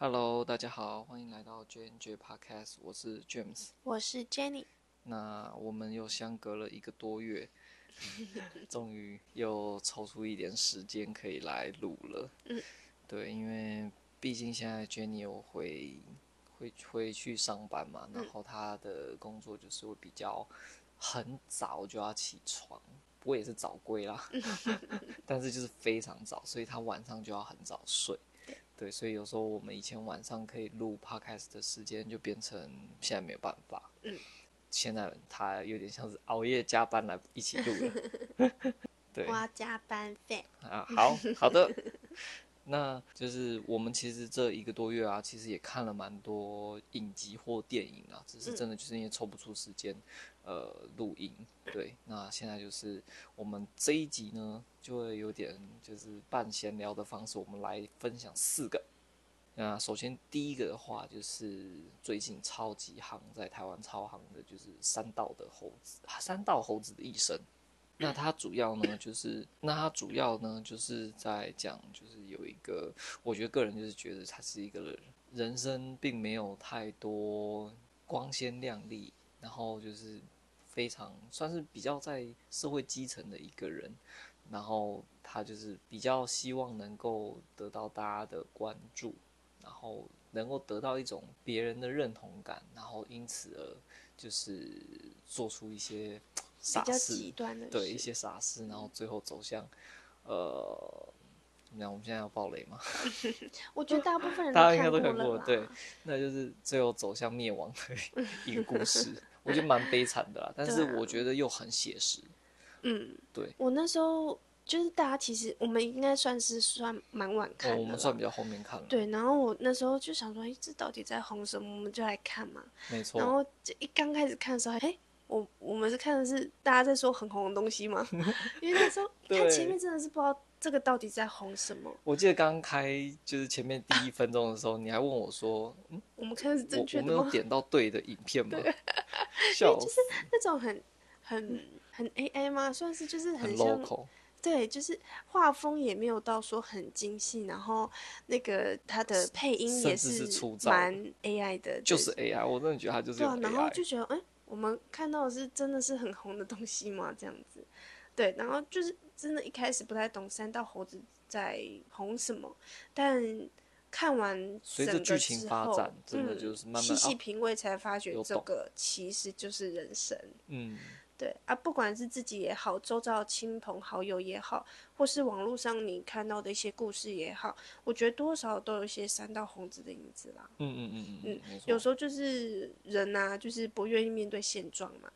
Hello，大家好，歡迎來到 J&J Podcast。我是 James，我是 Jenny。那我們又相隔了一個多月，嗯、終於又抽出一點時間可以來錄了。嗯、對，因為畢竟現在 Jenny 我會會回去上班嘛，然後她的工作就是會比較很早就要起床，不過也是早歸啦。嗯、 但是就是非常早，所以她晚上就要很早睡。對，所以有時候我們以前晚上可以錄 podcast 的時間，就變成現在沒有辦法。嗯。現在他有點像是熬夜加班來一起錄了。 對，我要加班費啊！好好的， 那就是我們其實這一個多月啊，其實也看了蠻多影集或電影啊，只是真的就是因為抽不出時間，呃，錄音。對，那現在就是我們這一集呢，就會有點就是半閒聊的方式，我們來分享四個。那首先第一個的話，就是最近超級夯在台灣超夯的就是山道的猴子，山道猴子的一生。那他主要呢，就是那他主要呢，就是在講，就是有一個，我覺得個人就是覺得他是一個人，人生並沒有太多光鮮亮麗，然後就是非常算是比較在社會基層的一個人。然後他就是比較希望能夠得到大家的關注，然後能夠得到一種別人的認同感，然後因此而就是做出一些傻事，比較極端的。對，一些傻事，然後最後走向呃，怎麼樣？我們現在要爆雷嗎？ 我覺得大部分人都看過，大家應該都看過。對，那就是最後走向滅亡的一個故事， 我覺得蠻悲慘的啦，但是我覺得又很寫實。嗯，對我那時候就是大家，其實我們應該算是算蠻晚看，哦，我們算比較後面看了。對，然後我那時候就想說，哎，這到底在紅什麼？我們就來看嘛。沒錯。然後就一剛開始看的時候，哎，我我們是看的是大家在說很紅的東西嘛， 因為那時候看 前面真的是不知道這個到底在紅什麼。我記得剛開就是前面第一分鐘的時候，啊，你還問我說，嗯，我們開始正確。嗎？我沒有點到對的影片嗎？對笑死，就是那種很很。很 AI 嗎？算是就是很,像很 local，對，就是畫風也沒有到說很精細，然後那個他的配音也是蠻 AI 的，就是 AI，我真的覺得他就是 AI 對，然後就覺得哎、欸，我們看到的是真的是很紅的東西嗎？這樣子，對，然後就是真的，一開始不太懂山道猴子在紅什麼，但看完整個之後，嗯、真的就是慢慢細細品味才發覺這個其實就是人生，嗯。對啊，不管是自己也好，周遭親朋好友也好，或是網絡上你看到的一些故事也好，我覺得多少都有一些山道猴子的影子啦。嗯嗯嗯嗯嗯，有時候就是人吶、啊，就是不願意面對現狀嘛，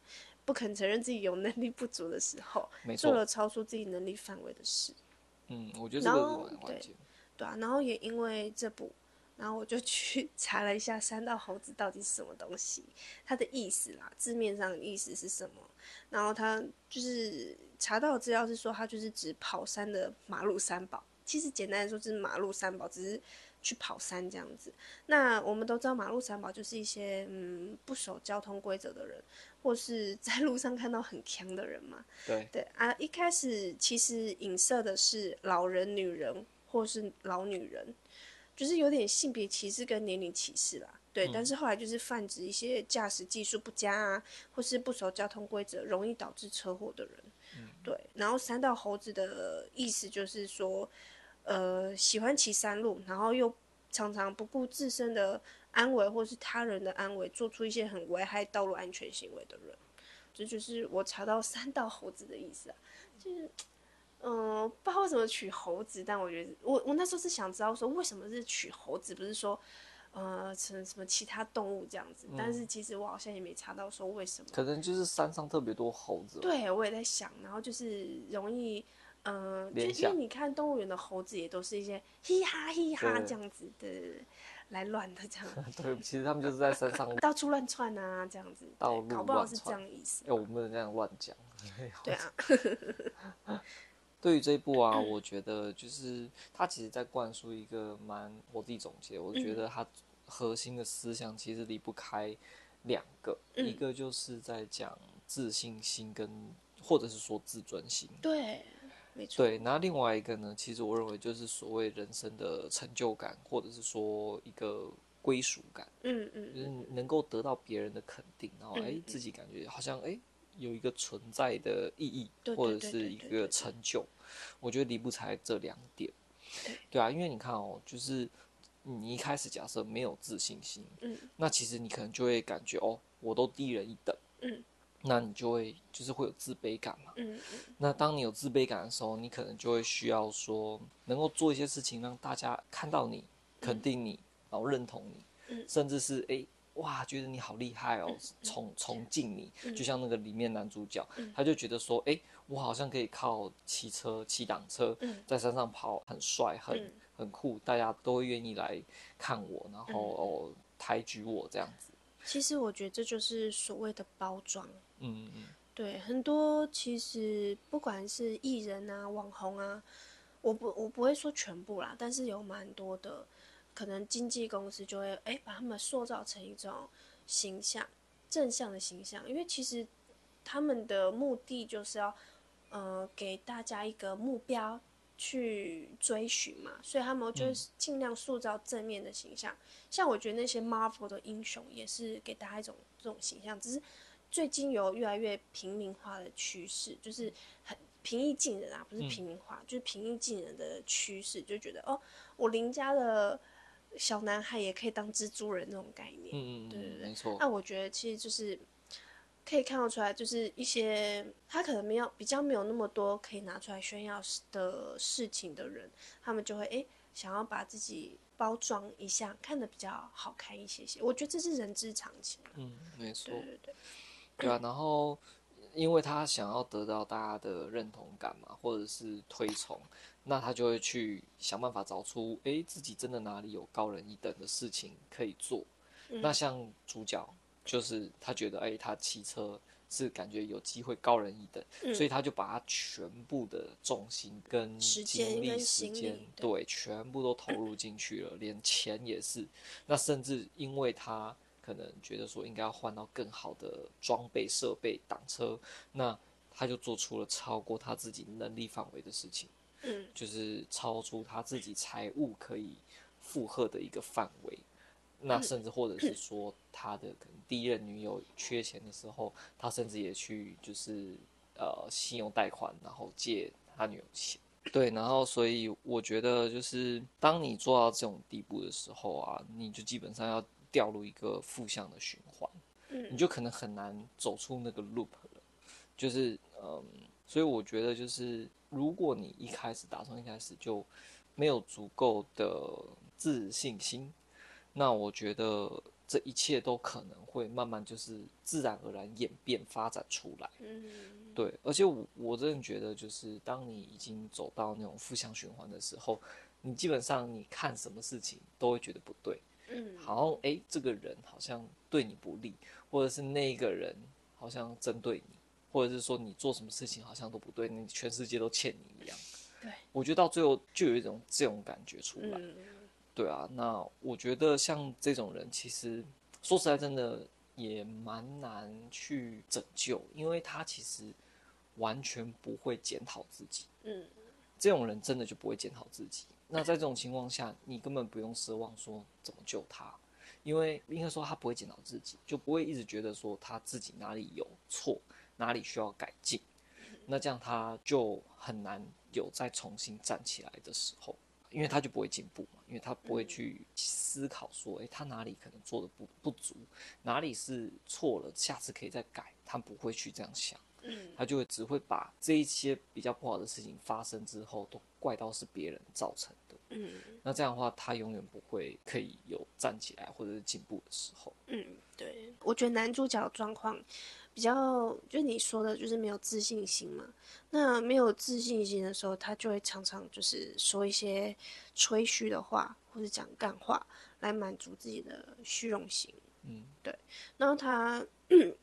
不肯承認自己有能力不足的時候，做了超出自己能力範圍的事。嗯，我覺得這個很關鍵。然後對，對啊，然後也因為這部。然後我就去查了一下“山道猴子”到底是什麼東西，它的意思啦，字面上的意思是什麼？然後他就是查到資料是說，它就是指跑山的馬路三寶。其實簡單來說，是馬路三寶，只是去跑山這樣子。那我們都知道，馬路三寶就是一些嗯不守交通規則的人，或是在路上看到很強的人嘛。對對啊，一開始其實影射的是老人、女人，或是老女人。就是有點性別歧視跟年齡歧視啦，對、嗯。但是後來就是泛指一些駕駛技術不佳啊，或是不熟交通規則，容易導致車禍的人、嗯，對。然後山道猴子的意思就是說，呃，喜歡騎山路，然後又常常不顧自身的安危或是他人的安危，做出一些很危害道路安全行為的人。這就是我查到山道猴子的意思、啊，就是。嗯，不知道為什麼取猴子，但我覺得我我那時候是想知道說為什麼是取猴子，不是說，呃，成什,什麼其他動物這樣子、嗯。但是其實我好像也沒查到說為什麼。可能就是山上特別多猴子。對，我也在想，然後就是容易，嗯、呃，就因為你看動物園的猴子也都是一些嘻哈嘻哈這樣子的，對對對來亂的這樣子。 對，其實他們就是在山上 到處亂竄啊，這樣子。搞不好是這樣意思。哎、欸，我們不能這樣亂講。 對啊。 對於這一部啊、嗯，我覺得就是他其實在灌輸一個蠻，我自己總結，我覺得他核心的思想其實離不開兩個，嗯、一個就是在講自信心跟或者是說自尊心，對，沒錯。那另外一個呢，其實我認為就是所謂人生的成就感，或者是說一個歸屬感，嗯嗯，就是能夠得到別人的肯定，然後哎、嗯，自己感覺好像哎。誒有一個存在的意義，或者是一個，一個成就對對對對對對，我覺得離不開這兩點對，對啊。因為你看哦，就是你一開始假設沒有自信心，嗯，那其實你可能就會感覺哦，我都低人一等，嗯，那你就會就是會有自卑感嘛，嗯，那當你有自卑感的時候，你可能就會需要說能夠做一些事情，讓大家看到你，肯定你，嗯，然後認同你，嗯，甚至是哎。誒哇，覺得你好厲害哦，崇崇敬你、嗯，就像那個裡面男主角，嗯、他就覺得說，哎、欸，我好像可以靠騎車、騎檔車、嗯，在山上跑，很帥、很、嗯、很酷，大家都會願意來看我，然後哦抬舉我這樣子。其實我覺得這就是所謂的包裝，嗯，對，很多其實不管是藝人啊、網紅啊，我不我不會說全部啦，但是有蠻多的。可能經紀公司就會誒、欸，把他們塑造成一種形象，正向的形象，因為其實他們的目的就是要，呃，給大家一個目標去追尋嘛，所以他們就是盡量塑造正面的形象、嗯。像我覺得那些 Marvel 的英雄也是給大家一種這種形象，只是最近有越來越平民化的趨勢，就是很平易近人啊，不是平民化，嗯、就是平易近人的趨勢，就覺得哦，我鄰家的。小男孩也可以當蜘蛛人那種概念，嗯，嗯，嗯，對，對,對，沒錯。那、啊、我覺得其實就是可以看得出來，就是一些他可能沒有比較沒有那麼多可以拿出來炫耀的事情的人，他們就會哎、欸、想要把自己包裝一下，看得比較好看一些些。我覺得這是人之常情，嗯，沒錯，對對對，對啊。然後因為他想要得到大家的認同感嘛，或者是推崇。那他就會去想辦法找出，誒、欸，自己真的哪裡有高人一等的事情可以做。嗯、那像主角，就是他覺得，誒、欸，他騎車是感覺有機會高人一等、嗯，所以他就把他全部的重心跟精力、時間，對，全部都投入進去了、嗯，連錢也是。那甚至因為他可能覺得說應該要換到更好的裝備、設備、檔車，那他就做出了超過他自己能力範圍的事情。就是超出他自己財務可以負荷的一個範圍，那甚至或者是說他的可能第一任女友缺錢的時候，他甚至也去就是呃信用貸款，然後借他女友錢。對，然後所以我覺得就是當你做到這種地步的時候啊，你就基本上要掉入一個負向的循環，你就可能很難走出那個 loop 了，就是嗯、呃，所以我覺得就是。如果你一開始打從一開始就沒有足夠的自信心，那我覺得這一切都可能會慢慢就是自然而然演變發展出來。嗯，對。而且我我真的覺得，就是當你已經走到那種負向循環的時候，你基本上你看什麼事情都會覺得不對。嗯，好像哎、欸，這個人好像對你不利，或者是那個人好像針對你。或者是說你做什麼事情好像都不對，你全世界都欠你一樣。對，我覺得到最後就有一種這種感覺出來。嗯，對啊。那我覺得像這種人，其實說實在真的也蠻難去拯救，因為他其實完全不會檢討自己。嗯，這種人真的就不會檢討自己。那在這種情況下，嗯、你根本不用奢望說怎麼救他，因為應該說他不會檢討自己，就不會一直覺得說他自己哪裡有錯。哪裡需要改進，那這樣他就很難有再重新站起來的時候，因為他就不會進步嘛，因為他不會去思考說，欸，他哪裡可能做的不不足，哪裡是錯了，下次可以再改，他不會去這樣想，嗯，他就會只會把這一些比較不好的事情發生之後，都怪到是別人造成的，嗯，那這樣的話，他永遠不會可以有站起來或者是進步的時候，嗯，對，我覺得男主角的狀況。比較就是你說的，就是沒有自信心嘛。那沒有自信心的時候，他就會常常就是說一些吹噓的話，或者講幹話來滿足自己的虛榮心。嗯，對。然後他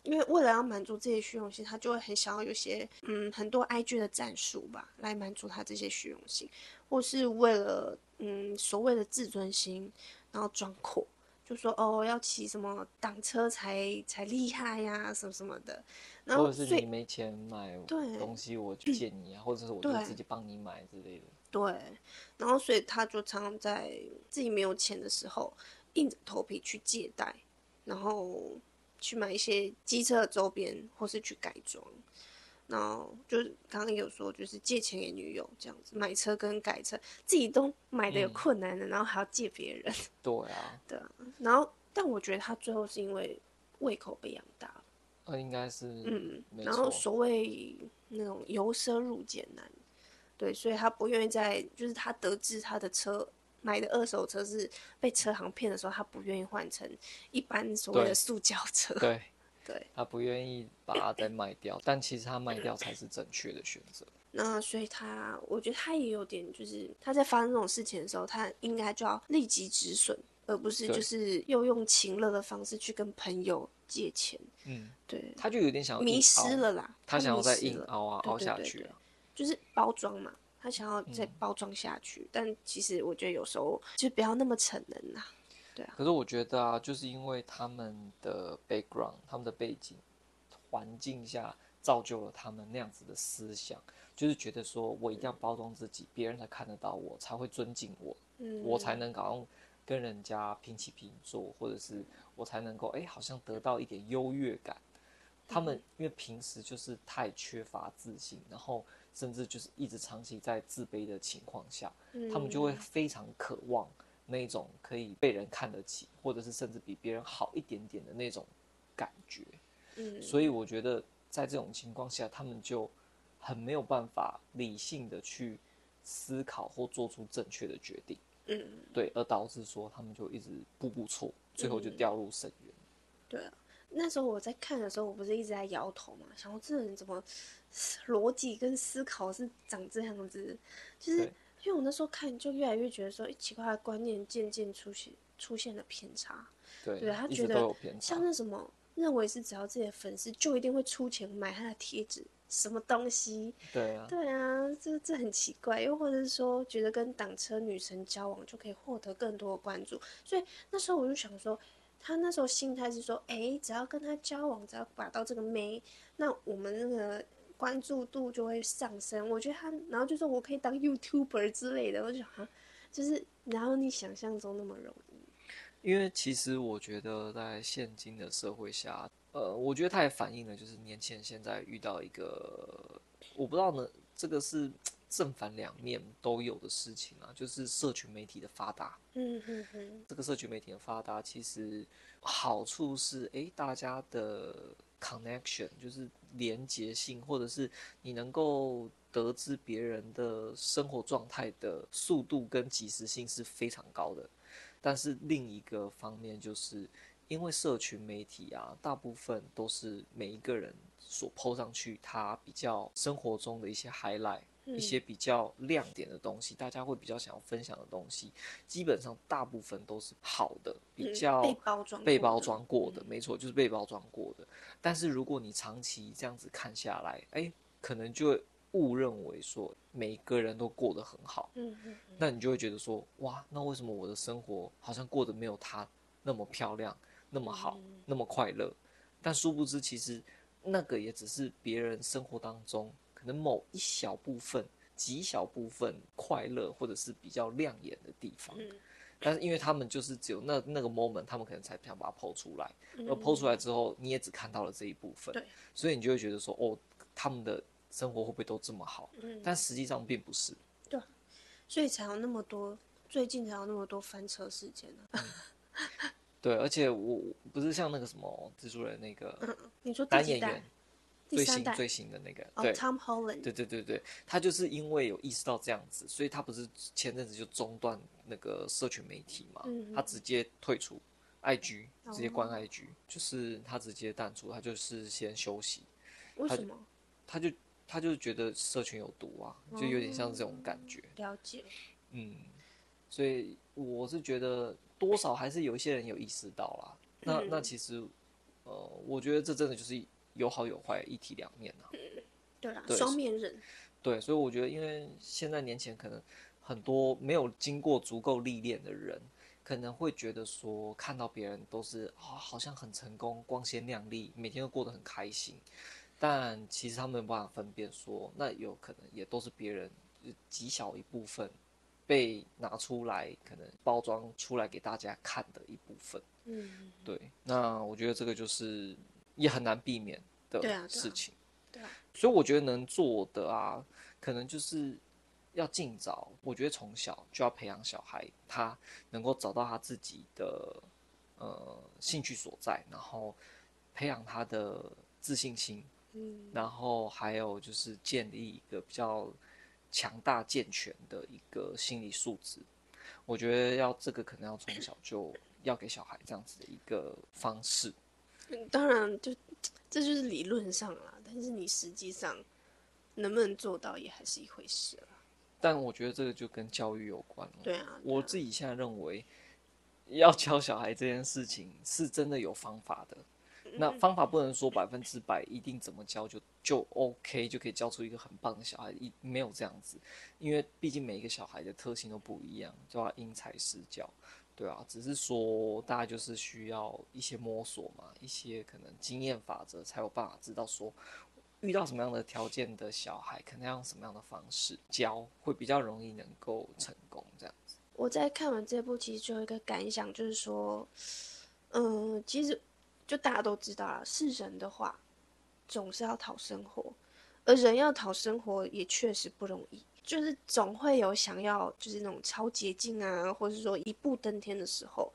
因為為了要滿足這些虛榮心，他就會很想要有些嗯很多 IG 的戰術吧，來滿足他這些虛榮心，或是為了嗯所謂的自尊心，然後裝酷。就說哦，要騎什麼檔車才才厲害呀，啊，什麼什麼的。然後或者是你沒錢買對東西，我去借你啊，或者是我就自己幫你買之類的。對，然後所以他就常常在自己沒有錢的時候，硬着頭皮去借貸，然後去買一些機車的周邊，或是去改裝。然後就是剛剛有說，就是借錢給女友這樣子，買車跟改車自己都買的有困難的，嗯、然後還要借別人。嗯、對啊，對啊。然後，但我覺得他最後是因為胃口被養大了。應該是，嗯，然後所謂那種由奢入儉難。對，所以他不願意再，就是他得知他的車買的二手車是被車行騙的時候，他不願意換成一般所謂的塑膠車，對。對對，他不願意把它再賣掉， 但其實他賣掉才是正確的選擇。那所以他，我覺得他也有點，就是他在發生這種事情的時候，他應該就要立即止損，而不是就是又用情勒的方式去跟朋友借錢。嗯，對，他就有點想要迷失了啦，他，他想要再硬，硬啊對對對對熬啊凹下去、啊，就是包裝嘛，他想要再包裝下去，嗯、但其實我覺得有時候就不要那麼逞能啦。可是我覺得啊，就是因為他們的 background，他們的背景環境下造就了他們那樣子的思想，就是覺得說我一定要包裝自己，嗯、別人才看得到我，才會尊敬我，嗯，我才能好像跟人家平起平坐，或者是我才能夠哎、欸，好像得到一點優越感。他們因為平時就是太缺乏自信，然後甚至就是一直長期在自卑的情況下，他們就會非常渴望。那種可以被人看得起，或者是甚至比別人好一點點的那種感覺，嗯，所以我覺得在這種情況下，他們就很沒有辦法理性的去思考或做出正確的決定，嗯，對，而導致說他們就一直步步錯，最後就掉入深淵，嗯。對啊，那時候我在看的時候，我不是一直在搖頭嗎？想說這人怎麼邏輯跟思考是長這樣子，就是。因為我那時候看，就越來越覺得說，奇怪，他的觀念漸漸出現，出現了偏差，對。對、啊，他覺得像那什麼，認為是只要自己的粉絲就一定會出錢買他的貼紙，什麼東西。對啊，對啊，這這很奇怪。又或者是說，覺得跟檔車女神交往就可以獲得更多的關注。所以那時候我就想說，他那時候心態是說，哎，只要跟他交往，只要把到這個妹，那我們那個。關注度就會上升，我覺得他，然後就說我可以當 YouTuber 之類的，我就想啊，就是然後你想象中那麼容易？因為其實我覺得在現今的社會下，呃，我覺得它也反映了就是年輕人現在遇到一個我不知道呢，這個是正反兩面都有的事情啊，就是社群媒體的發達。嗯哼哼，這個社群媒體的發達其實好處是誒，大家的。Connection 就是連結性，或者是你能夠得知別人的生活狀態的速度跟及時性是非常高的。但是另一個方面就是，因為社群媒體啊，大部分都是每一個人所 po 上去，他比較生活中的一些 highlight。一些比較亮點的東西、嗯，大家會比較想要分享的東西，基本上大部分都是好的，比較被包裝過的，嗯、被包裝過的、嗯、沒錯，就是被包裝過的。但是如果你長期這樣子看下來，哎、欸，可能就會誤認為說每個人都過得很好，嗯嗯，嗯，那你就會覺得說，哇，那為什麼我的生活好像過得沒有他那麼漂亮，那麼好，嗯、那麼快樂？但殊不知，其實那個也只是別人生活當中。可能某一小部分、極小部分快樂，或者是比較亮眼的地方、嗯，但是因為他們就是只有那那個 moment，他們可能才想把它剖出來。那、嗯、剖出來之後，你也只看到了這一部分，所以你就會覺得說，哦，他們的生活會不會都這麼好？嗯、但實際上並不是。對，所以才有那麼多，最近才有那麼多翻車事件呢。對，而且我不是像那個什麼蜘蛛人那個、嗯、你說單演最新最新的那個，oh, 對，Tom Holland. 對對對對，他就是因為有意識到這樣子，所以他不是前陣子就中斷那個社群媒體嘛，他直接退出 IG，直接關 IG，嗯嗯就是他直接淡出，他就是先休息。為什麼？他，他就他就覺得社群有毒啊，就有點像這種感覺、嗯。了解。嗯，所以我是覺得多少還是有一些人有意識到啦。嗯、那那其實，呃，我覺得這真的就是。有好有壞，一體兩面吶、啊嗯。對啦，對雙面刃。對，所以我覺得，因為現在年前可能很多沒有經過足夠歷練的人，可能會覺得說，看到別人都是啊、哦，好像很成功、光鮮亮麗，每天都過得很開心。但其實他們沒辦法分辨說，那有可能也都是別人極小一部分被拿出來，可能包裝出來給大家看的一部分。嗯，對。那我覺得這個就是。也很難避免的事情，對啊，對啊，對啊，所以我覺得能做的啊，可能就是要盡早。我覺得從小就要培養小孩，他能夠找到他自己的呃興趣所在，然後培養他的自信心，嗯，然後還有就是建立一個比較強大健全的一個心理素質。我覺得要這個可能要從小就要給小孩這樣子的一個方式。當然就，就這就是理論上啦，但是你實際上能不能做到，也還是一回事了。但我覺得這個就跟教育有關了。對啊。對啊，我自己現在認為，要教小孩這件事情是真的有方法的。嗯、那方法不能說百分之百一定怎麼教就就 OK， 就可以教出一個很棒的小孩，一沒有這樣子，因為畢竟每一個小孩的特性都不一樣，就要因材施教。對啊，只是說大家就是需要一些摸索嘛，一些可能經驗法則，才有辦法知道說遇到什麼樣的條件的小孩，可能要用什麼樣的方式教，會比較容易能夠成功這樣子。我在看完這部，其實就有一個感想，就是說，嗯、呃，其實就大家都知道啊，是人的話，總是要討生活，而人要討生活也確實不容易。就是總會有想要就是那種超捷徑啊，或是說一步登天的時候。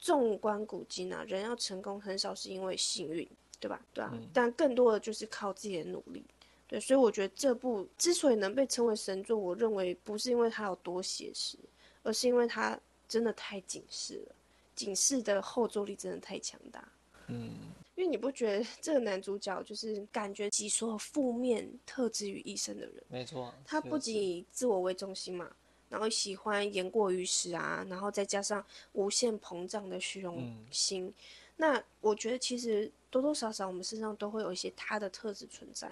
縱觀古今啊，人要成功很少是因為幸運，對吧？對啊，但更多的就是靠自己的努力。對，所以我覺得這部之所以能被稱為神作，我認為不是因為它有多寫實，而是因為它真的太警示了，警示的後坐力真的太強大。嗯，因為你不覺得這個男主角就是感覺集所有負面特質於一身的人？沒錯，他不僅以自我為中心嘛，然後喜歡言過於實啊，然後再加上無限膨脹的虛榮心、嗯。那我覺得其實多多少少我們身上都會有一些他的特質存在，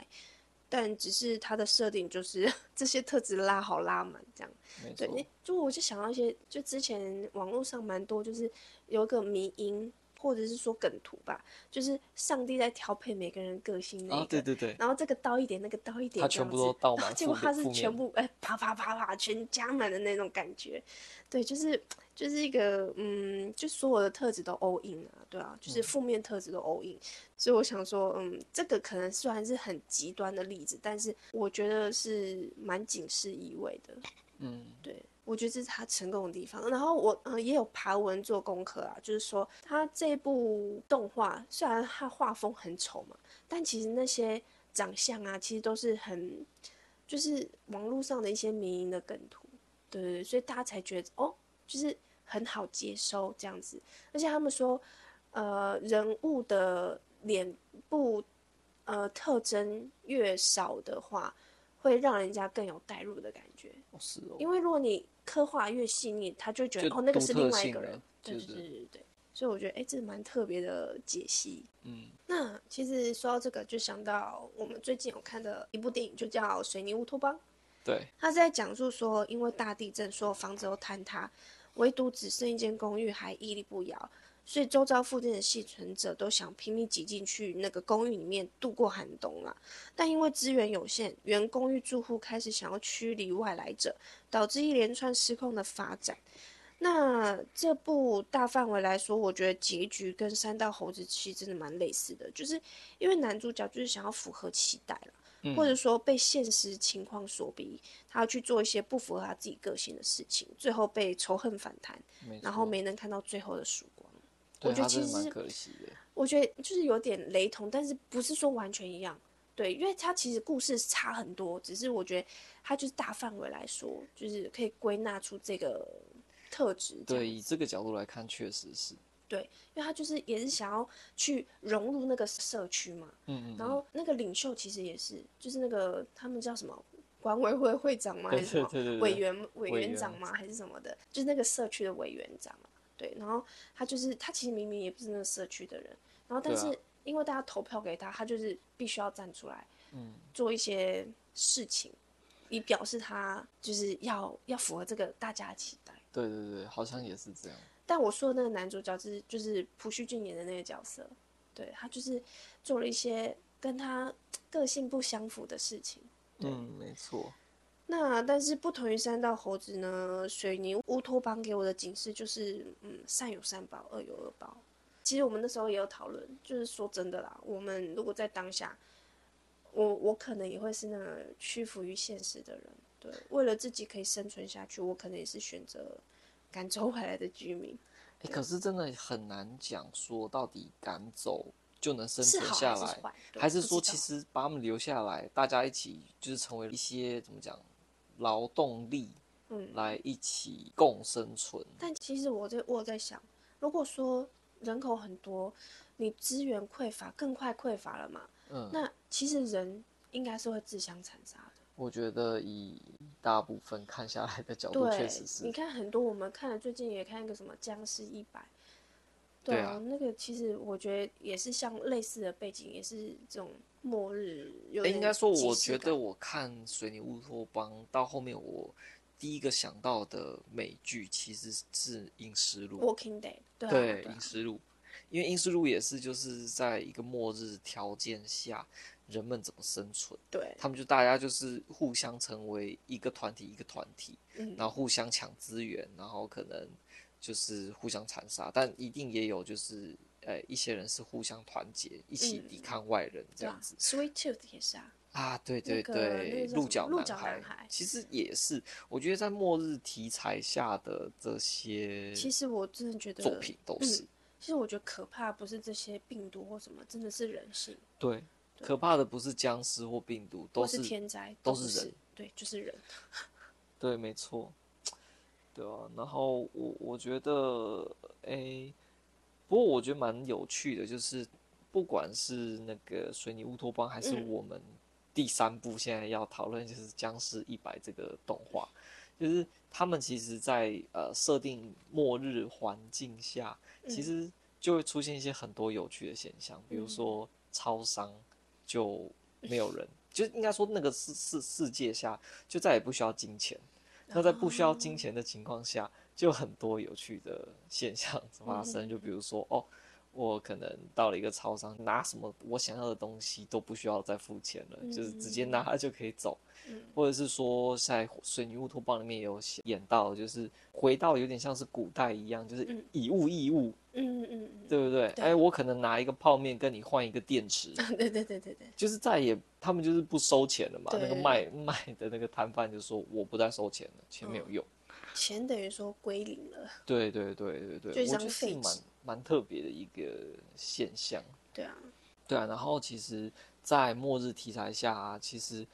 但只是他的設定就是 這些特質拉好拉滿這樣。對，就我就想到一些，就之前網絡上蠻多就是有一個迷因。或者是說梗圖吧，就是上帝在調配每個人個性那個，oh, 對對對。然後這個倒一點，那個倒一點，全部都倒滿。然後結果他是全部哎，啪啪啪啪全加滿的那種感覺。對，就是就是一個嗯，就所有的特質都 all in 啊，對啊，就是負面特質都 all in。嗯、所以我想說，嗯，這個可能雖然是很極端的例子，但是我覺得是蠻警示意味的。嗯，對。我覺得這是他成功的地方。然後我、呃，也有爬文做功課啊，就是說他這部動畫雖然他畫風很醜嘛，但其實那些長相啊，其實都是很，就是網絡上的一些名人的梗圖，對對對，所以大家才覺得哦，就是很好接收這樣子。而且他們說，呃，人物的臉部，呃，特徵越少的話。會讓人家更有代入的感覺、哦，是哦。因為如果你刻畫越細膩，他就覺得就哦，那個是另外一個人、就是，對對對對。所以我覺得，誒、欸，這蠻特別的解析。嗯，那其實說到這個，就想到我們最近有看的一部電影，就叫《水泥烏托邦》。對，他在講述說，因為大地震，所有房子都坍塌，唯獨只剩一間公寓還屹立不搖。所以，周遭附近的倖存者都想拼命擠進去那個公寓裡面度過寒冬了。但因為資源有限，原公寓住戶開始想要驅離外來者，導致一連串失控的發展。那這部大範圍來說，我覺得結局跟山道猴子其實真的蠻類似的，就是因為男主角就是想要符合期待了、嗯，或者說被現實情況所逼，他要去做一些不符合他自己個性的事情，最後被仇恨反彈，然後沒能看到最後的曙光。我覺得其實是可惜的，我覺得就是有點雷同，但是不是說完全一樣。對，因為他其實故事差很多，只是我覺得他就是大範圍來說，就是可以歸納出這個特質。對，以這個角度來看，確實是。對，因為他就是也是想要去融入那個社區嘛。嗯嗯。然後那個領袖其實也是，就是那個他們叫什麼？管委會會長嗎？還是什麼。委員委員長嗎？還是什麼的？就是那個社區的委員長。對，然後他就是他其實明明也不是那個社區的人，然後但是因為大家投票給他，他就是必須要站出來，嗯，做一些事情、嗯，以表示他就是要要符合這個大家期待。對對對，好像也是這樣。但我說的那個男主角是就是朴敘、就是、俊演的那個角色，對他就是做了一些跟他個性不相符的事情。對嗯，沒錯。那但是不同於山道猴子呢，水泥烏托邦給我的警示就是，嗯，善有善報，惡有惡報。其實我們那時候也有討論，就是說真的啦，我們如果在當下，我我可能也會是那個屈服於現實的人，對，為了自己可以生存下去，我可能也是選擇趕走回來的居民。欸，可是真的很難講說到底趕走就能生存下來，是還，是還是說其實把他們留下來，大家一起就是成為一些怎麼講？.勞動力，嗯，來一起共生存、嗯。但其實我在我在想，如果說人口很多，你資源匱乏，更快匱乏了嘛？嗯，那其實人應該是會自相殘殺的。我覺得以大部分看下來的角度，確實是對。你看很多我們看了最近也看一個什麼《僵屍一百》。對啊，對啊，那個其實我覺得也是像類似的背景，也是這種末日有。應該說，我覺得我看《水泥烏托邦》到後面，我第一個想到的美劇其實是《陰屍路》Dead, 對啊。Walking Dead、啊。對，《陰屍路》，因為《陰屍路》也是就是在一個末日條件下，人們怎麼生存？對，他們就大家就是互相成為一個團體，一個團體、嗯，然後互相搶資源，然後可能。就是互相殘殺，但一定也有就是，呃、欸，一些人是互相團結，一起抵抗外人這樣子。Sweet Tooth 也是啊。啊，對對對，鹿角鹿角男孩，角男孩其實也是，是。我覺得在末日題材下的這些作品，其實我真的覺得作品都是。其實我覺得可怕不是這些病毒或什麼，真的是人性。對，對可怕的不是僵屍或病毒，都是，是天災，都是人。對，就是人。 對，沒錯。對啊，然後我我覺得，哎，不過我覺得蠻有趣的，就是不管是那個水泥烏托邦，還是我們第三部現在要討論，就是《僵屍一百》這個動畫，就是他們其實在呃設定末日環境下，其實就會出現一些很多有趣的現象，比如說超商就沒有人，就應該說那個世世世界下就再也不需要金錢。那在不需要金錢的情況下，oh. 就有很多有趣的現象發生，就比如說哦。我可能到了一個超商，拿什麼我想要的東西都不需要再付錢了，嗯、就是直接拿它就可以走。嗯、或者是說，在《水泥烏托邦》裡面也有演到，就是回到有點像是古代一樣，就是以物易物，嗯嗯對不對？對？哎，我可能拿一個泡麵跟你換一個電池，對對對對對，就是再也他們就是不收錢了嘛。那個賣賣的那個攤販就說我不再收錢了，錢沒有用。哦錢等於說歸零了，對對對對對，我覺得是蠻蠻特別的一個現象。對啊，對啊。然後其實，在末日題材下啊，其實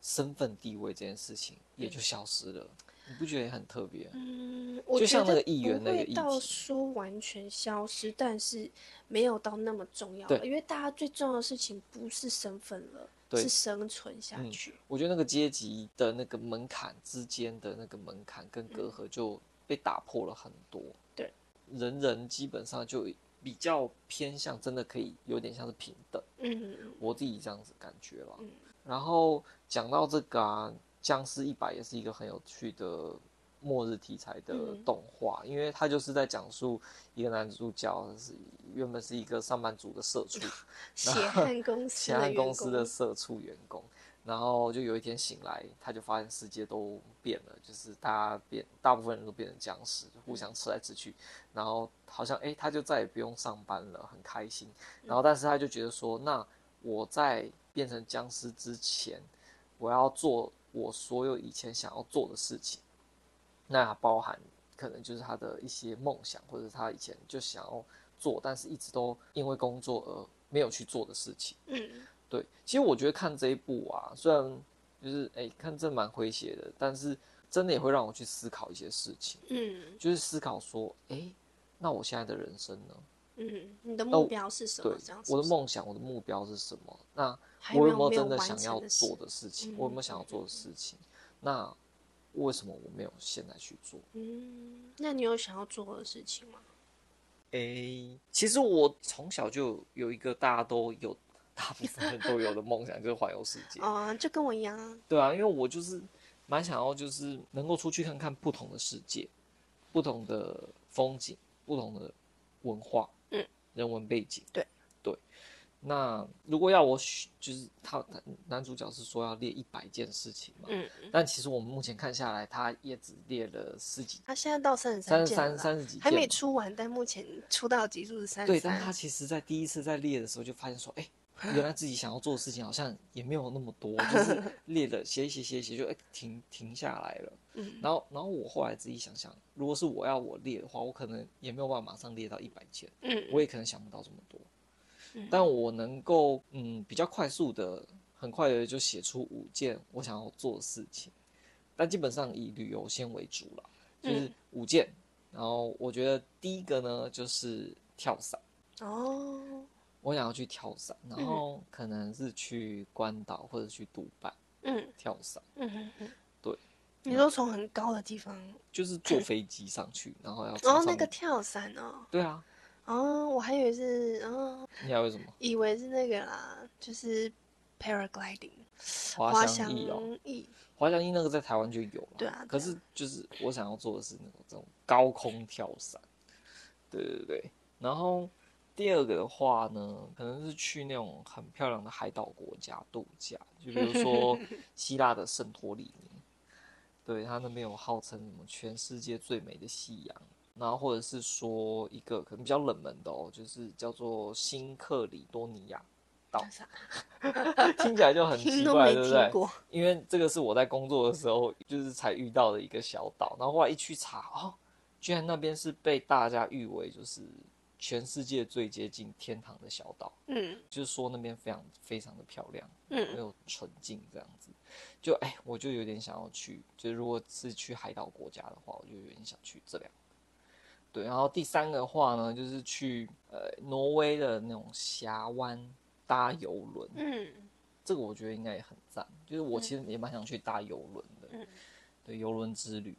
身份地位這件事情也就消失了，你不覺得也很特別啊？嗯，我覺得不會，不會到說完全消失，但是沒有到那麼重要，因為大家最重要的事情不是身份了。對，是生存下去，嗯。我覺得那個階級的那個門檻之間的那個門檻跟隔閡就被打破了很多。對，嗯，人人基本上就比較偏向真的可以有點像是平等，嗯，我自己這樣子感覺啦，嗯。然後講到這個啊，《僵屍一百》也是一個很有趣的末日題材的動畫，嗯，因為它就是在講述一個男主角是原本是一個上班族的社畜， 血汗公司，血汗公司的社畜員工，然後就有一天醒來，他就發現世界都變了，就是大家變，大部分人都變成殭屍，互相吃來吃去，嗯、然後好像誒，他就再也不用上班了，很開心。然後，但是他就覺得說，那我在變成殭屍之前，我要做我所有以前想要做的事情，那包含可能就是他的一些夢想，或者他以前就想要。做，但是一直都因為工作而沒有去做的事情。嗯，對，其實我覺得看這一部啊，雖然就是哎、欸，看這蠻詼諧的，但是真的也會讓我去思考一些事情。嗯，就是思考說，哎、欸，那我現在的人生呢？嗯，你的目標是什麼？對，我的夢想，我的目標是什麼？那我有沒有真的想要做的事情？沒有沒有，我有沒有想要做的事情，嗯？那為什麼我沒有現在去做？嗯，那你有想要做的事情嗎？哎、欸，其實我從小就有一個大家都有，大部分人都有的夢想， 就是環遊世界。哦、嗯，就跟我一樣。對啊，因為我就是蠻想要，就是能夠出去看看不同的世界，不同的風景，不同的文化，嗯，人文背景。對，對。那如果要我選，就是他，男主角是說要列一百件事情嘛。嗯。但其實我們目前看下來，他也只列了十幾。他現在到三十三，三十三，三十幾，還沒出完。但目前出到集數是三十三。對，但他其實在第一次在列的時候，就發現說，哎、欸，原來自己想要做的事情好像也沒有那麼多，就是列了寫一寫寫一寫，就、欸、哎停停下來了。嗯。然後然後我後來自己想想，如果是我要我列的話，我可能也沒有辦法馬上列到一百件。嗯。我也可能想不到這麼多。但我能夠嗯比較快速的，很快的就寫出五件我想要做的事情，但基本上以旅遊先為主了，就是五件、嗯。然後我覺得第一個呢就是跳傘哦，我想要去跳傘，然後可能是去關島或者去杜拜，嗯，跳傘，嗯哼對，你都從很高的地方，就是坐飛機上去、嗯，然後要，然、哦、後那個跳傘呢、哦？對啊。啊、oh，我還以為是、oh, 你以為什麼？以為是那個啦，就是 paragliding，滑翔翼哦，滑翔翼那個在台灣就有了，啊，對啊。可是就是我想要做的是那種這種高空跳傘，對對對。然後第二個的話呢，可能是去那種很漂亮的海島國家度假，就比如說希臘的聖托里尼， 對，它那邊有號稱什麼全世界最美的夕陽。然後，或者是說一個可能比較冷門的哦，就是叫做新喀里多尼亞島， 聽起來就很奇怪，對不對？因為這個是我在工作的時候、嗯、就是才遇到的一個小島，然後後來一去查，哦，居然那邊是被大家譽為就是全世界最接近天堂的小島，嗯，就是說那邊非常非常的漂亮，嗯，沒有純淨這樣子，就哎，我就有點想要去，就如果是去海島國家的話，我就有點想去這兩個。對，然後第三個話呢，就是去呃挪威的那種峽灣搭遊輪，嗯，這個我覺得應該也很讚。就是我其實也蠻想去搭遊輪的，嗯，對，遊輪之旅。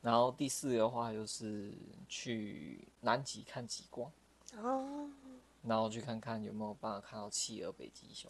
然後第四個的話就是去南極看極光，哦，然後去看看有沒有辦法看到企鵝、北極熊，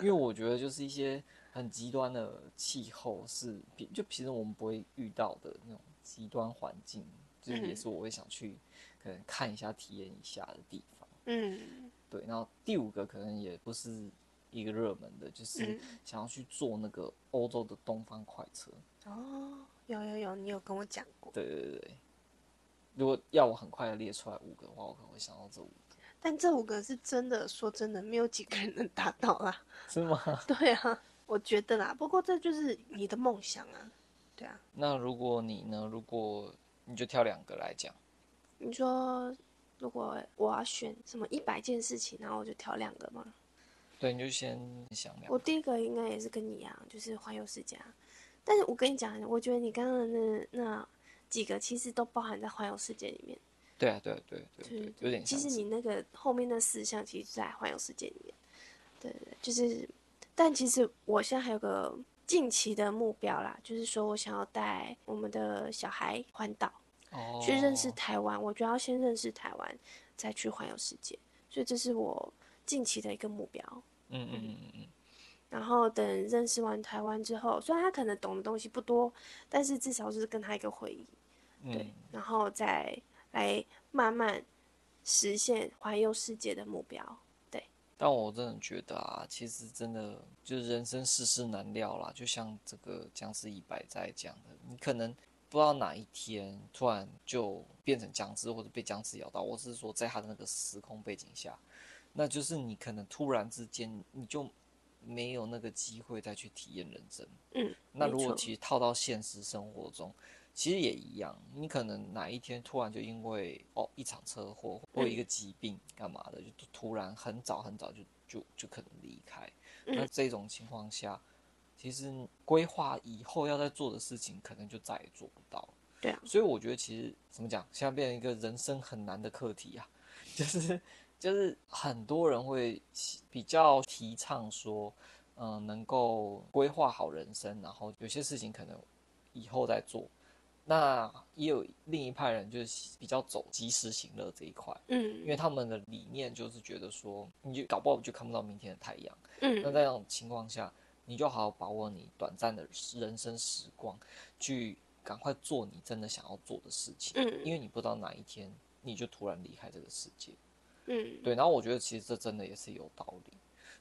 因為我覺得就是一些很極端的氣候是，就平時我們不會遇到的那種極端環境。這也是我會想去，可能看一下，體驗一下的地方。嗯，對。然後第五個可能也不是一個熱門的，就是想要去坐那個歐洲的東方快車。哦，嗯，有有有，你有跟我講過。對對對對，如果要我很快的列出來五個的話，我可能會想到這五個。但這五個是真的，說真的，沒有幾個人能達到啦。是嗎？ 對啊，我覺得啦。不過這就是你的夢想啊。對啊。那如果你呢？如果你就挑兩個來講。你說，如果我要選什麼一百件事情，然後我就挑兩個嗎？對，你就先想兩個。我第一個應該也是跟你一樣，就是環遊世界啊。但是我跟你講，我覺得你剛剛的那那幾個其實都包含在環遊世界裡面。對啊，對對對，就是，有點。其實你那個後面那四項其實在環遊世界裡面。對對，就是。但其實我現在還有個。近期的目標啦，就是說我想要帶我們的小孩環島，oh. 去認識台灣。我就要先認識台灣，再去環遊世界，所以這是我近期的一個目標。嗯嗯嗯嗯。然後等認識完台灣之後，雖然他可能懂的東西不多，但是至少是跟他一個回憶，mm -hmm. 對。然後再來慢慢實現環遊世界的目標。讓我真的覺得啊，其實真的就是人生世事難料啦。就像這個殭屍一百在講的，你可能不知道哪一天突然就變成殭屍或者被殭屍咬到。我是說，在他的那個時空背景下，那就是你可能突然之間你就沒有那個機會再去體驗人生。嗯，那如果其實套到現實生活中。其實也一樣，你可能哪一天突然就因為哦一場車禍或一個疾病幹嘛的、嗯，就突然很早很早就就就可能離開。那、嗯、這種情況下，其實規劃以後要再做的事情，可能就再也做不到。對啊，所以我覺得其實怎麼講，現在變成一個人生很難的課題啊，就是就是很多人會比較提倡說，嗯，能夠規劃好人生，然後有些事情可能以後再做。那也有另一派人，就是比較走及時行樂這一塊，嗯，因為他們的理念就是覺得說，你就搞不好就看不到明天的太陽，嗯，那在這種情況下，你就好好把握你短暫的人生時光，去趕快做你真的想要做的事情，嗯，因為你不知道哪一天你就突然離開這個世界，嗯，對，然後我覺得其實這真的也是有道理，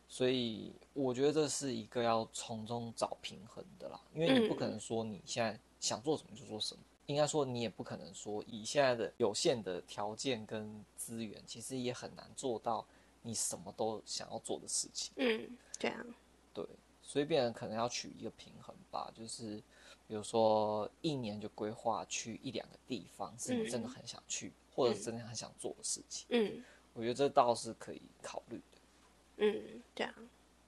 所以我覺得這是一個要從中找平衡的啦，因為你不可能說你現在。想做什麼就做什麼，應該說你也不可能說以現在的有限的條件跟資源，其實也很難做到你什麼都想要做的事情。嗯，對啊，對，所以變可能要取一個平衡吧，就是比如說一年就規劃去一兩個地方是你真的很想去，嗯、或者是真的很想做的事情。嗯，我覺得這倒是可以考慮的。嗯，對啊，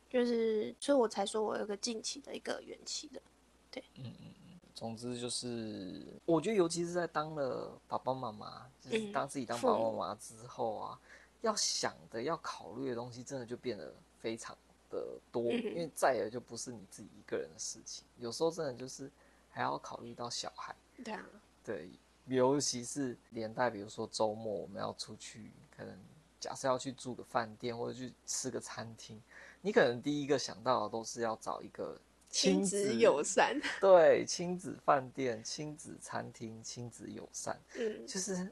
就是所以我才說我有個近期的，一個遠期的，對，嗯嗯。總之就是，我覺得尤其是在當了爸爸媽媽，就是當自己當爸爸媽媽之後啊，要想的、要考慮的東西真的就變得非常的多，因為再也就不是你自己一個人的事情。有時候真的就是還要考慮到小孩。對啊。對，尤其是連帶，比如說週末我們要出去，可能假設要去住個飯店或者去吃個餐廳，你可能第一個想到的都是要找一個。親子，親子友善，對親子飯店、親子餐廳、親子友善，嗯，就是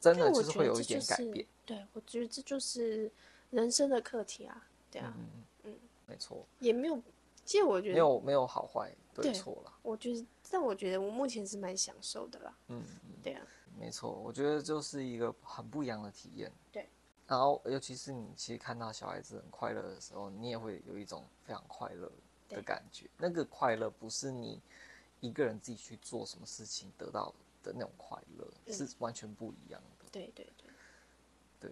真的，就是會有一點改變，就是。對，我覺得這就是人生的課題啊，對啊，嗯，嗯沒錯。也沒有，其實我覺得沒有沒有好壞對錯了。我覺得，但我覺得我目前是蠻享受的啦，嗯，嗯，對啊，沒錯，我覺得就是一個很不一樣的體驗，對。然後，尤其是你其實看到小孩子很快樂的時候，你也會有一種非常快樂的。的感覺，那個快樂不是你一個人自己去做什麼事情得到的那種快樂，嗯、是完全不一樣的。對對對，對。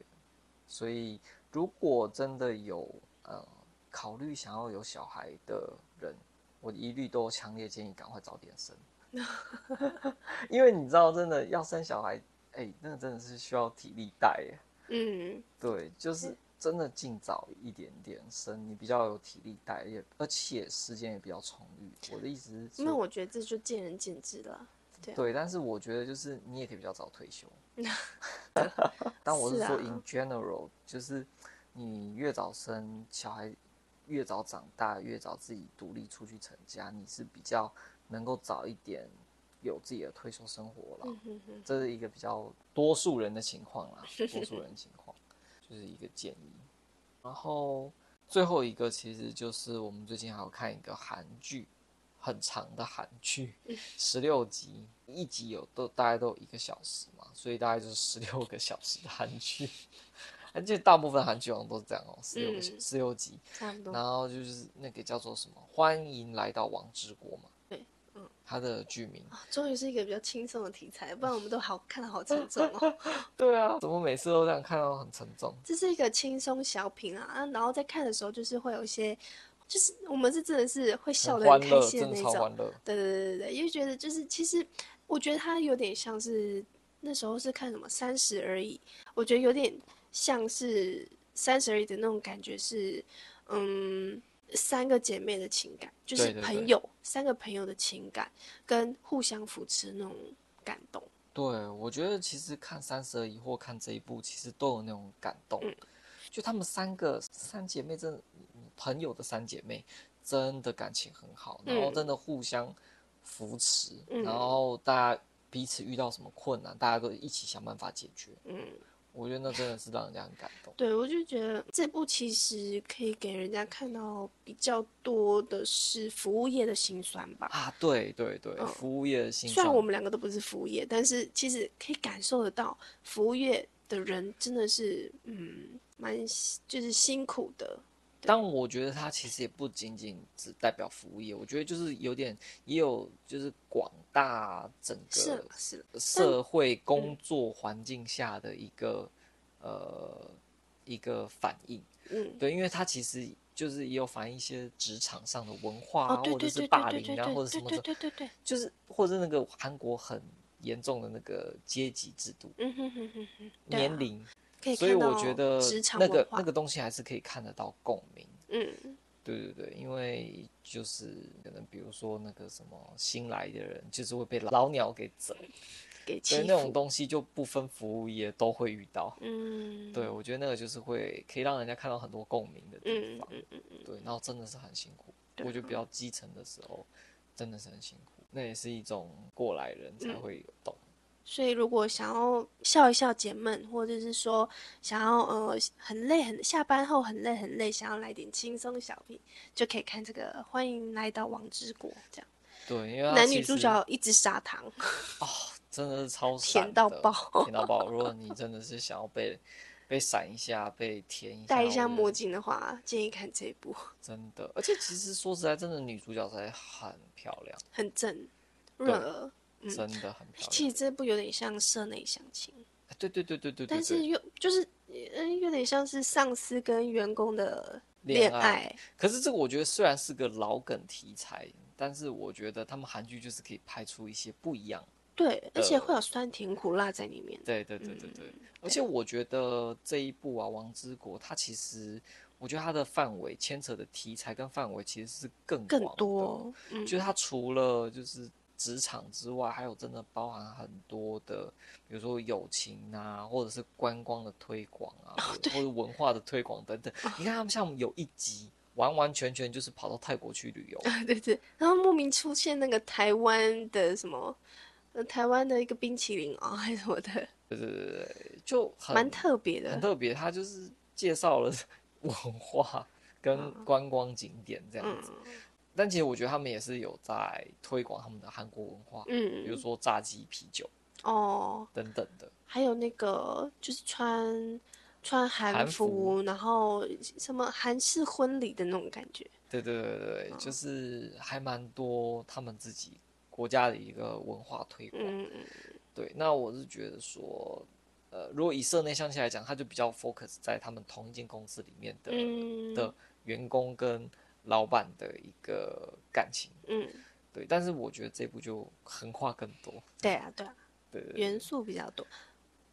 所以，如果真的有呃考慮想要有小孩的人，我一律都強烈建議趕快早點生， 因為你知道，真的要生小孩，哎、欸，那真的是需要體力帶耶。嗯，對，就是。嗯真的儘早一點點生，你比較有體力帶，業，而且時間也比較充裕。我的意思是，因為我覺得這就見仁見智了。對啊。對，但是我覺得就是你也可以比較早退休。 但我是說，是啊，in general，就是你越早生小孩，越早長大，越早自己獨立出去成家，你是比較能夠早一點有自己的退休生活了。 這是一個比較多數人的情況啦，多數人的情況。 就是一個建議，然後最後一個其實就是我們最近還有看一個韓劇，很長的韓劇，十六集，一集有都大概都有一個小時嘛，所以大概就是十六個小時的韓劇，而 且大部分韓劇好像都是這樣哦，十六個小、嗯、十六集，差不多。然後就是那個叫做什麼，歡迎來到王之國嘛。他的劇名終於是一個比較輕鬆的題材，不然我們都好看到好沉重哦。 對啊，怎麼每次都這樣看到很沉重？這是一個輕鬆小品啊，啊，然後在看的時候就是會有一些，就是我們是真的是會笑得很開心的那種。對對對對對，因為覺得就是其實我覺得他有點像是那時候是看什麼《三十而已》，我覺得有點像是《三十而已》的那種感覺是，嗯，三個姐妹的情感。就是朋友，對對對，三個朋友的情感跟互相扶持那種感動。對，我覺得其實看《三十而已》或看這一部，其實都有那種感動。嗯，就他們三個三姐妹真的，真朋友的三姐妹，真的感情很好，嗯，然後真的互相扶持，嗯，然後大家彼此遇到什麼困難，大家都一起想辦法解決。嗯。我覺得那真的是讓人家很感動。對，我就覺得這部其實可以給人家看到比較多的是服務業的辛酸吧。啊，對對對，嗯，服務業的辛酸。雖然我們兩個都不是服務業，但是其實可以感受得到，服務業的人真的是嗯，蠻就是辛苦的。但我覺得它，其實也不僅僅只代表服務業，我覺得就是有點也有就是廣大整個社會工作環境下的一個、嗯、呃一個反應、嗯，對，因為它其實就是也有反映一些職場上的文化、啊哦，或者是霸凌，啊，或者什麼的，對對對、對、對、對、對、對、對、對、對，就是或者是那個韓國很嚴重的那個階級制度，嗯哼哼哼、哼，年齡。所以我覺得那個、那個、那個東西還是可以看得到共鳴，嗯，對對對，因為就是可能比如說那個什麼新來的人，就是會被老鳥給整，給欺負，對，那種東西就不分服務業都會遇到，嗯，對，我覺得那個就是會可以讓人家看到很多共鳴的地方，嗯嗯，對，然後真的是很辛苦，我覺得比較基層的時候真的是很辛苦，那也是一種過來人才會懂。嗯所以，如果想要笑一笑解悶，或者是說想要呃很累很下班後很累很累，想要來點輕鬆的小品，就可以看這個。歡迎來到王之國，這樣。對，因為男女主角一直撒糖。哦，真的是超甜到爆，甜到爆！如果你真的是想要被被閃一下，被甜一下。 戴一下墨鏡的話，建議看這部。真的，而且其實說實在，真的女主角才很漂亮，很正，軟額。真的很漂亮。嗯，其實這部有點像社內相親，對對對對對。但是又就是，嗯，有點像是上司跟員工的戀愛、戀愛。可是這個我覺得雖然是個老梗題材，但是我覺得他們韓劇就是可以拍出一些不一樣。對，而且會有酸甜苦辣在裡面。對對對對對。嗯，對。而且我覺得這一部啊，王之國他其實，我覺得他的範圍牽扯的題材跟範圍其實是更更多。嗯、就他、是、除了就是。職場之外，還有真的包含很多的，比如說友情啊，或者是觀光的推廣啊，哦、或者文化的推廣等等、哦。你看他們像我們有一集，完完全全就是跑到泰國去旅遊、哦，對對，然後莫名出現那個台灣的什麼，台灣的一個冰淇淋啊、哦，還是什麼的，對對對對，就蠻特別的，很特別。他就是介紹了文化跟觀光景點這樣子。哦嗯但其實我覺得他們也是有在推廣他們的韓國文化，嗯，比如說炸雞、啤酒哦等等的，還有那個就是穿穿韓服，服，然後什麼韓式婚禮的那種感覺，對對對對，哦、就是還蠻多他們自己國家的一個文化推廣，嗯對，那我是覺得說，呃，如果以社內相親來講，他就比較 focus 在他們同一間公司裡面的、嗯、的員工跟。老闆的一個感情，嗯，對，但是我覺得這部就橫跨更多，對啊，對啊，對，元素比較多，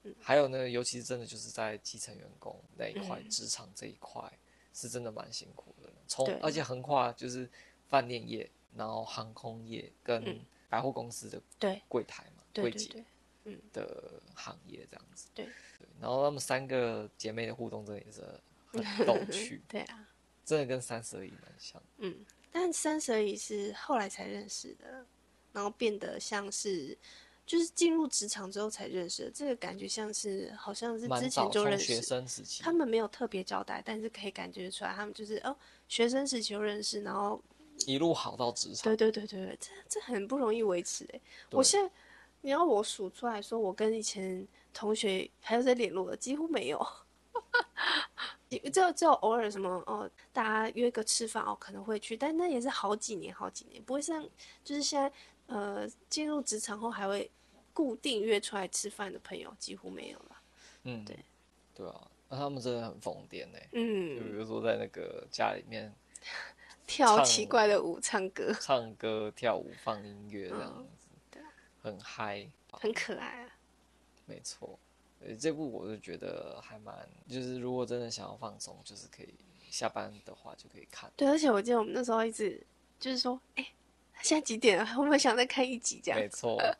嗯，還有呢，尤其是真的就是在基層員工那一塊、嗯，職場這一塊是真的蠻辛苦的，從而且橫跨就是飯店業，然後航空業跟百貨公司的對櫃檯嘛，嗯對對對嗯、櫃姐，嗯的行業這樣子對，對，然後他們三個姐妹的互動，真的也是很逗趣， 對啊。真的跟三十而已蠻像，嗯，但三十而已是後來才認識的，然後變得像是，就是進入職場之後才認識的。這個感覺像是好像是之前就認識。學生時期他們沒有特別交代，但是可以感覺出來，他們就是哦，學生時期就認識，然後一路好到職場。對對對對對，這這很不容易維持哎、欸，我現在你要我數出來說我跟以前同學還有在聯絡的幾乎沒有。就 就偶爾什麼哦，大家約個吃飯哦，可能會去，但那也是好幾年好幾年，不會像就是現在呃進入職場後還會固定約出來吃飯的朋友幾乎沒有了。嗯，對，對啊，那他們真的很瘋癲呢。嗯，就比如說在那個家裡面跳奇怪的舞、唱歌、唱歌跳舞、放音樂這樣子，嗯、對，很嗨，很可愛啊，沒錯。對這部我是覺得還蠻，就是如果真的想要放鬆，就是可以下班的話就可以看。對，而且我記得我們那時候一直就是說，哎，現在幾點啊？我們想再看一集這樣。沒錯。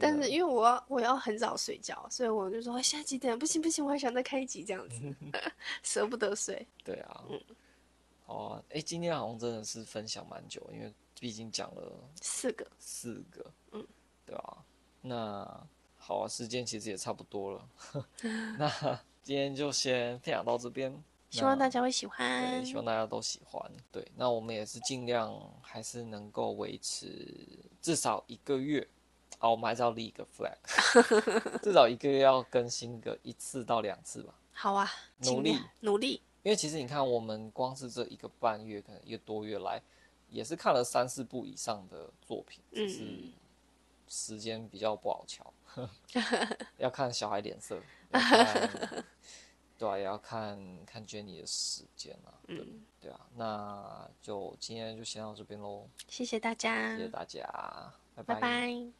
但是因為我要我要很早睡覺，所以我就說現在幾點啊？不行不行，我還想再看一集這樣子， 捨不得睡。對啊，嗯。哦，啊，哎，今天好像真的是分享蠻久，因為畢竟講了四個，四個，四個，嗯，對啊，那。好啊，時間其實也差不多了， 那今天就先分享到這邊，希望大家會喜歡，對，希望大家都喜歡，對，那我們也是盡量還是能夠維持至少一個月，好、啊，我們還是要立一個 flag， 至少一個月要更新個一次到兩次吧。好啊，努力努力，努力，因為其實你看，我們光是這一個半月，可能一個多月來，也是看了三四部以上的作品，就是。嗯時間比較不好喬 要看小孩臉色， 對啊，也要看看 Jenny 的時間啊對，嗯、對啊，那就今天就先到這邊嘍。謝謝大家，謝謝大家，拜拜。拜拜